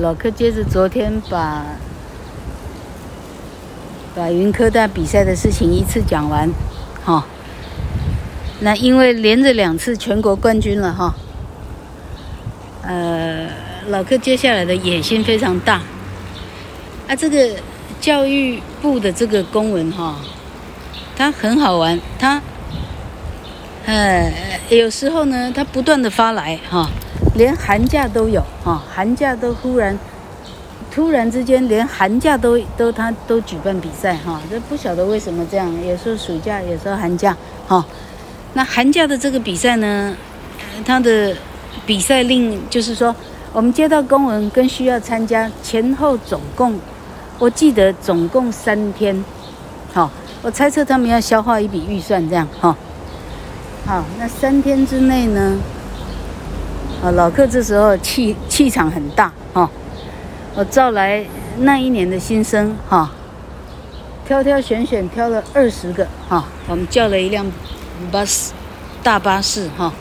老克接着昨天把把雲科大比賽的事情一次講完，哈、哦。那因為連着兩次全國冠軍了哈、哦，呃，老克接下來的野心非常大。啊，這個教育部的這個公文哈、哦，它很好玩，它呃有時候呢，它不斷的發來哈。哦連寒假都有哈，寒假都忽然突然之間，連寒假都都他都舉辦比賽哈，這不曉得為什麼這樣，有時候暑假，有時候寒假哈。那寒假的這個比賽呢，他的比賽令就是說，我們接到公文，跟需要參加前後總共，我記得總共三天，哈，我猜測他們要消化一筆預算這樣哈。好，那三天之內呢？啊，老客這時候氣、氣場很大哈，我、哦、招來那一年的新生哈、哦，挑挑選選挑了二十個哈、哦，我們叫了一輛 bus 大巴士，哈、哦。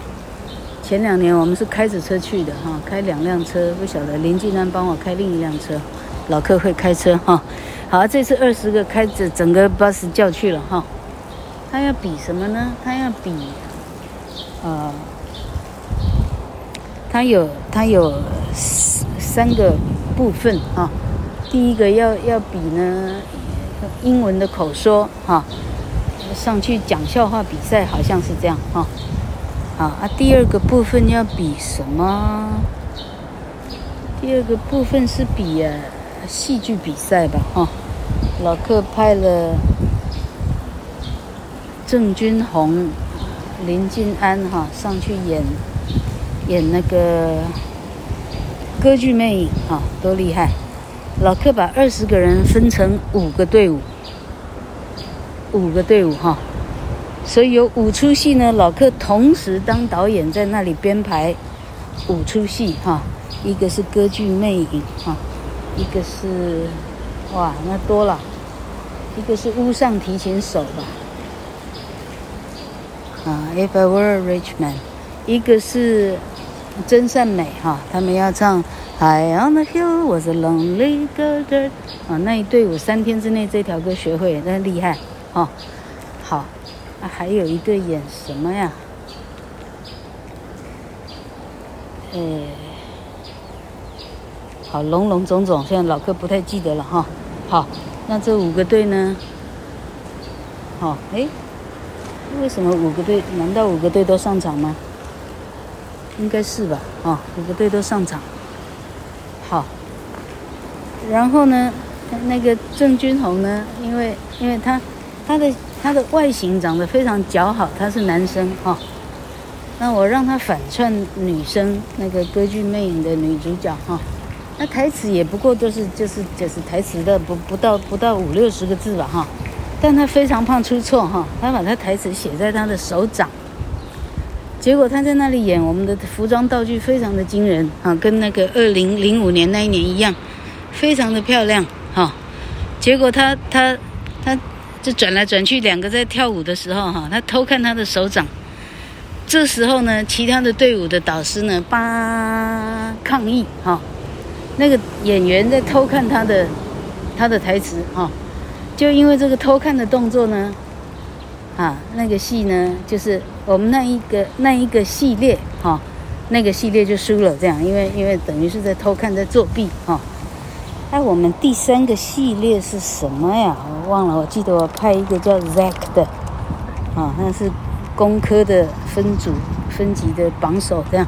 前兩年我們是開着車去的哈、哦，開兩輛車，不曉得林晉安幫我開另一輛車，老客會開車哈、哦。好，這次二十個開着整個巴士叫去了哈。他、哦、要比什麼呢？他要比啊。呃它有它有三三個部分啊，第一個要要比呢，英文的口說哈、啊，上去講笑話比賽好像是這樣哈啊，啊第二個部分要比什麼？第二個部分是比、啊、戲劇比賽吧哈、啊，老克派了鄭鈞鴻、林晉安哈、啊、上去演。演那個歌劇魅影啊，多厲害！老克把二十個人分成五個隊伍，五個隊伍哈、啊，所以有五出戲呢。老克同時當導演，在那裡編排五出戲哈、啊，一個是歌劇魅影哈、啊，一個是哇那多了，一個是屋上提琴手吧，啊，If I Were a Rich Man，一個是。真善美哈、哦，他們要唱《High on a hill was a lonely goatherd》啊，那一隊我三天之內這條歌學會，那厲害哈、哦。好，啊，還有一個演什麼呀？哎、欸，好，林林總總，現在老克不太記得了哈、哦。好，那這五個隊呢？好、哦，哎、欸，為什麼五個隊？難道五個隊都上場嗎？應該是吧，啊、哦，五個隊都上場，好。然後呢，那個鄭鈞鴻呢，因為因為他他的他的外形長得非常姣好，他是男生哈、哦，那我讓他反串女生那個《歌劇魅影》的女主角哈、哦，那台詞也不過都、就是就是就是台詞的不不到不到五六十個字吧哈、哦，但他非常怕出錯哈、哦，他把他台詞寫在他的手掌。結果他在那裡演，我們的服裝道具非常的驚人啊，跟那個二零零五年那一年一樣，非常的漂亮哈、啊。結果他他他，他就轉來轉去，兩個在跳舞的時候哈、啊，他偷看他的手掌。這時候呢，其他的隊伍的導師呢，啪抗議哈、啊，那個演員在偷看他的他的台詞哈、啊，就因為這個偷看的動作呢。啊，那個戲呢，就是我們那一個那一個系列哈、哦，那個系列就輸了這樣，因為因為等於是在偷看，在作弊哈。那、哦啊、我們第三個系列是什麼呀？我忘了，我記得我派一個叫 Zak 的，啊、哦，那是工科的分組分級的榜首這樣，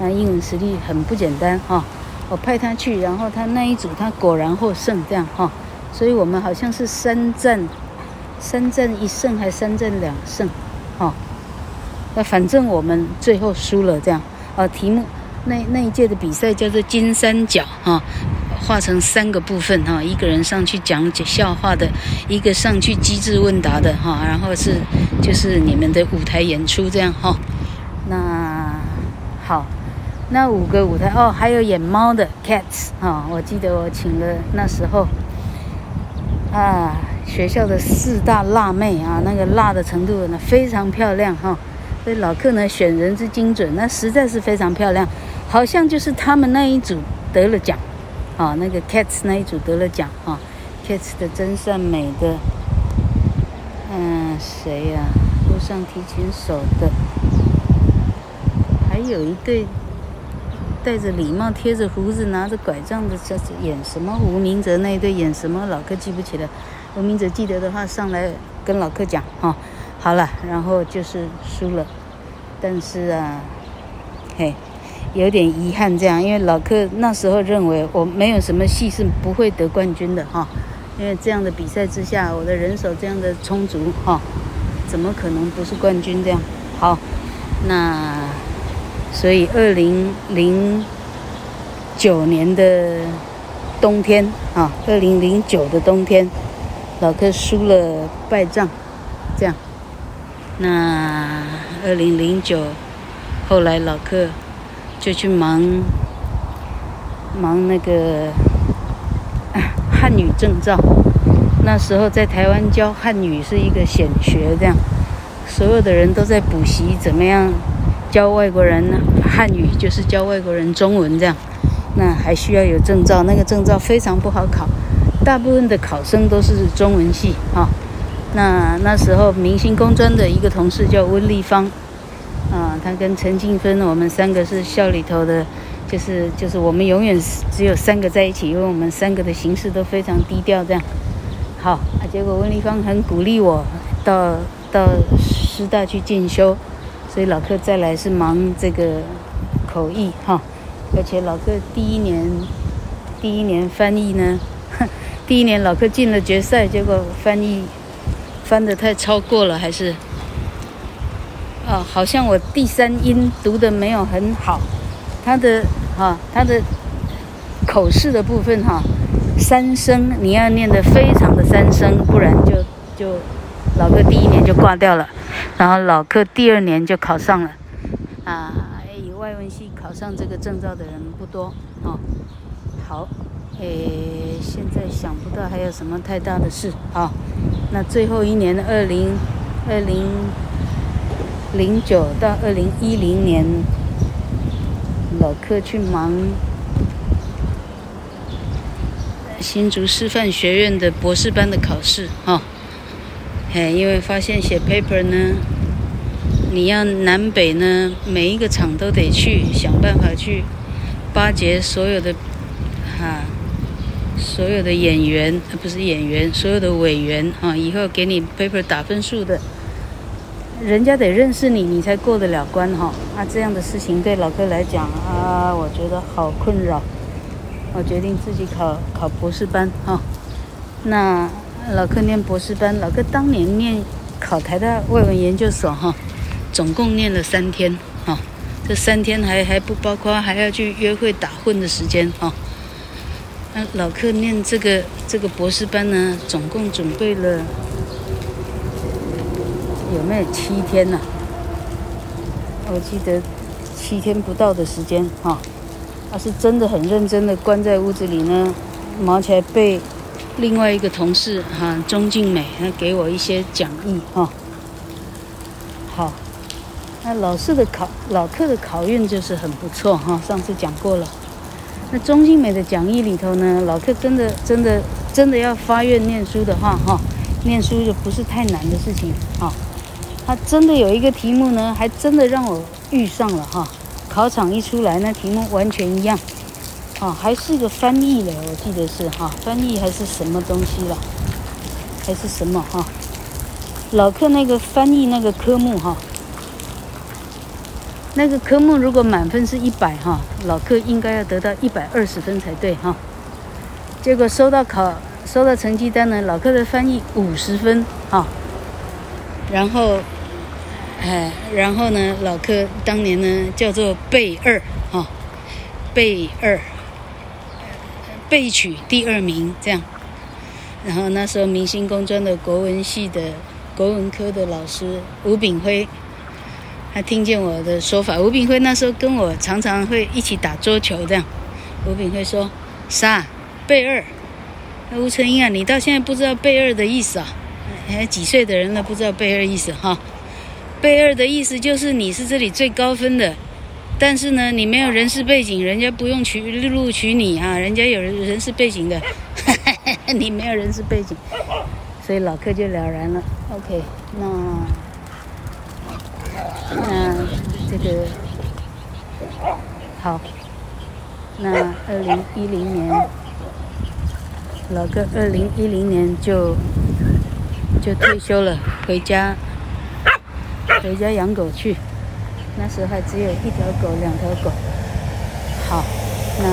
那英文實力很不簡單啊、哦。我派他去，然後他那一組他果然獲勝這樣哈、哦，所以我們好像是三戰，三圳一勝還三圳兩勝，哦，那反正我們最後輸了這樣。呃、哦，題目那那一屆的比賽叫做金三角，哈、哦，畫成三個部分，哈、哦，一個人上去講講笑話的，一個上去機智問答的，哈、哦，然後是就是你們的舞台演出這樣，哈、哦。那好，那五個舞台哦，還有演貓的 cats，哈、哦，我記得我請了那時候啊。學校的四大辣妹啊，那個辣的程度那非常漂亮哈。所、哦、以老克呢選人之精準，那實在是非常漂亮。好像就是他們那一組得了獎啊、哦，那個 Cats 那一組得了獎啊。Cats、哦、的真善美的，嗯、呃，誰呀、啊？屋上提琴手的，還有一對戴着禮帽、貼着鬍子、拿着拐杖的，這是演什麼？吳明哲那一對演什麼？老克記不起了。我名者記得的話，上來跟老克講哈、哦。好了，然後就是輸了，但是啊，嘿，有點遺憾這樣，因為老克那時候認為我沒有什麼戲是不會得冠軍的哈、哦。因為這樣的比賽之下，我的人手這樣的充足哈、哦，怎麼可能不是冠軍這樣？好，那所以二零零九年的冬天啊，二零零九的冬天。老克輸了敗仗，這樣。那二零零九，後來老克就去忙忙那個、啊、漢語證照。那時候在台灣教漢語是一個顯學，這樣，所有的人都在補習怎麼樣教外國人呢？漢語就是教外國人中文這樣。那還需要有證照，那個證照非常不好考。大部分的考生都是中文系哈、哦。那那時候明星工專的一個同事叫溫麗芳，啊，她跟陳靜芬，我們三個是校裡頭的，就是就是我們永遠是只有三個在一起，因為我們三個的行事都非常低調，這樣。好，啊，結果溫麗芳很鼓勵我到到師大去進修，所以老克再來是忙這個口譯哈、哦，而且老克第一年第一年翻譯呢。第一年老克進了決賽，結果翻譯翻得太超過了，還是、哦、好像我第三音讀得沒有很好，他的啊、哦，他的口試的部分哈、哦，三聲你要念得非常的三聲，不然就就老克第一年就掛掉了，然後老克第二年就考上了啊，哎，外文系考上這個證照的人不多啊、哦，好，誒，現。想不到還有什麼太大的事啊！那最後一年的二零二零零九到二零一零年，老克去忙新竹師範學院的博士班的考試哈、哦，嘿，因為發現寫 paper 呢，你要南北呢，每一個場，都得去想辦法去巴結所有的哈所有的演員不是演員，所有的委員啊，以後給你 paper 打分數的，人家得認識你，你才過得了關哈。那、啊、這樣的事情對老克來講啊，我覺得好困擾。我決定自己考考博士班哈、啊。那老克念博士班，老克當年念考台大外文研究所哈、啊，總共念了三天哈、啊。這三天還還不包括還要去約會打混的時間哈。啊那老克念這個這個博士班呢，總共準備了有沒有七天呢、啊？我記得七天不到的時間哈、哦，他是真的很認真的關在屋子裡呢，忙起來被另外一個同事哈，鍾、啊、靜美還給我一些講義哈、哦。好，那老師的考老克的考運就是很不錯哈、哦，上次講過了。那鍾新美的講義裡頭呢，老克真的真的真的要發願念書的話哈、哦，念書就不是太難的事情啊、哦。他真的有一個題目呢，還真的讓我遇上了哈、哦。考場一出來，那題目完全一樣啊、哦，還是個翻譯了，我記得是哈、哦，翻譯還是什麼東西了，還是什麼哈、哦。老克那個翻譯那個科目哈。哦那個科目如果滿分是一百哈，老克應該要得到一百二十分才對哈。結果收到考收到成績單呢，老克的翻譯五十分哈。然後，哎，然後呢，老克當年呢叫做備二哈，備二，備取第二名這樣。然後那時候明星工專的國文系的國文科的老師吳炳輝。他聽見我的說法，吳炳輝那時候跟我常常會一起打桌球，這樣。吳炳輝說：“啥？備二。”吳承英啊，你到現在不知道備二的意思啊？哎，幾歲的人了，不知道備二意思哈？備二的意思就是你是這裡最高分的，但是呢，你沒有人事背景，人家不用取錄取你啊，人家有人人事背景的哈哈，你沒有人事背景，所以老克就了然了。OK，那。那這個好，那二零一零年老克二零一零年就就退休了，回家回家養狗去。那時候還只有一條狗，兩條狗。好，那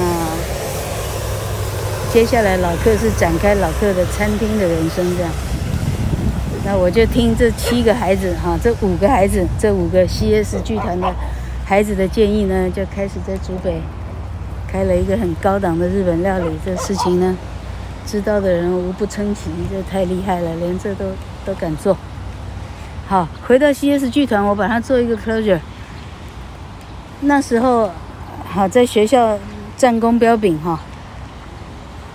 接下來老克是展開老克的餐廳的人生這樣。那我就聽這七個孩子哈、啊，這五個孩子，這五個 CS 劇團的孩子的建議呢，就開始在竹北開了一個很高檔的日本料理。這事情呢，知道的人無不稱奇，這太厲害了，連這都都敢做。好，回到 CS 劇團，我把它做一個 closure。那時候，好、啊、在學校戰功彪炳哈，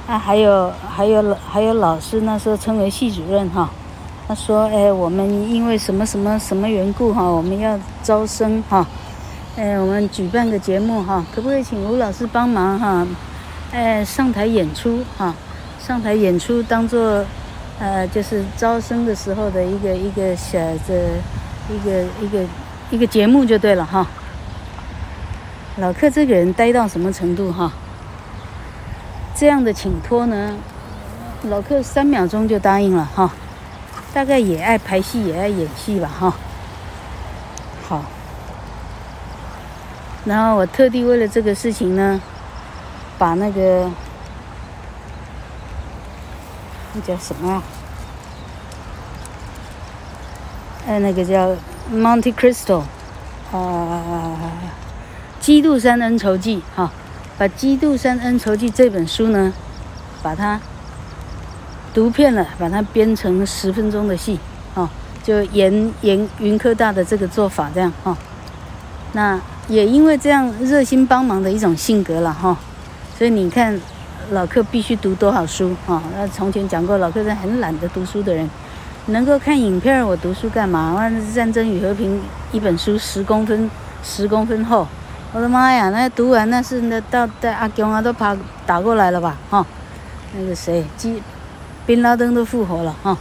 啊，還有還有還有老師那時候稱為系主任哈。啊他說：“哎，我們因為什麼什麼什麼緣故哈，我們要招生哈、啊，哎，我們舉辦個節目哈、啊，可不可以請吳老師幫忙哈、啊？哎，上台演出哈、啊，上台演出當做呃，就是招生的時候的一個一個小的，一個一個一個節目就對了哈、啊。老克這個人呆到什麼程度哈、啊？這樣的請託呢，老克三秒鐘就答應了哈。啊”大概也愛拍戲，也愛演戲吧，哈。好，然後我特地為了這個事情呢，把那個那叫什麼啊？哎，那個叫《Monte Cristo》，啊，《基度山恩仇記》哈，把《基度山恩仇記》這本書呢，把它。讀片了，把它編成十分鐘的戲，哦，就研沿雲科大的這個做法這樣哦。那也因為這樣熱心幫忙的一種性格了哈、哦。所以你看，老克必須讀多少書啊、哦？那從前講過，老克是很懶得讀書的人，能夠看影片，我讀書幹嘛？啊、戰爭與和平一本書十公分，十公分厚，我的媽呀，那讀完那是那到在阿江啊都怕打過來了吧？哈、哦，那個誰，機賓拉登都復活了哈、哦，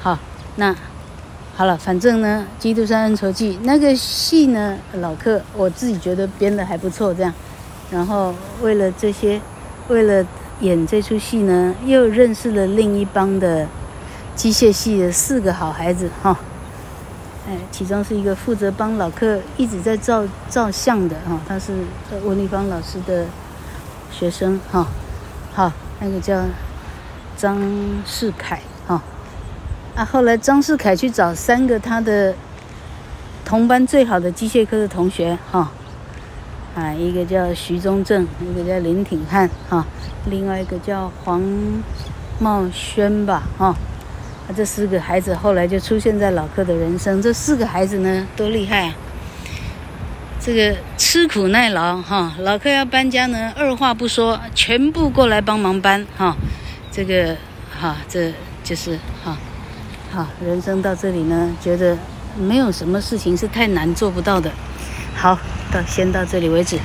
好，那好了，反正呢，《基度山恩仇記》那個戲呢，老克我自己覺得編得還不錯，這樣。然後為了這些，為了演這出戲呢，又認識了另一幫的機械系的四個好孩子哈、哦。哎，其中是一個負責幫老克一直在照照相的哈、哦，他是溫立邦老師的學生哈、哦。好，那個叫。張士愷，哈，啊！後來張士愷去找三個他的同班最好的機械科的同學，哈，啊，一個叫徐宗政，一個叫林廷翰，哈、啊，另外一個叫黃茂軒吧，哈，啊，這四個孩子後來就出現在老克的人生。這四個孩子呢，多厲害啊！這個吃苦耐勞，哈、啊，老克要搬家呢，二話不說，全部過來幫忙搬，哈、啊。這個哈，這就是哈，哈，人生到這裡呢，覺得沒有什麼事情是太難做不到的。好，到，先到這裡為止。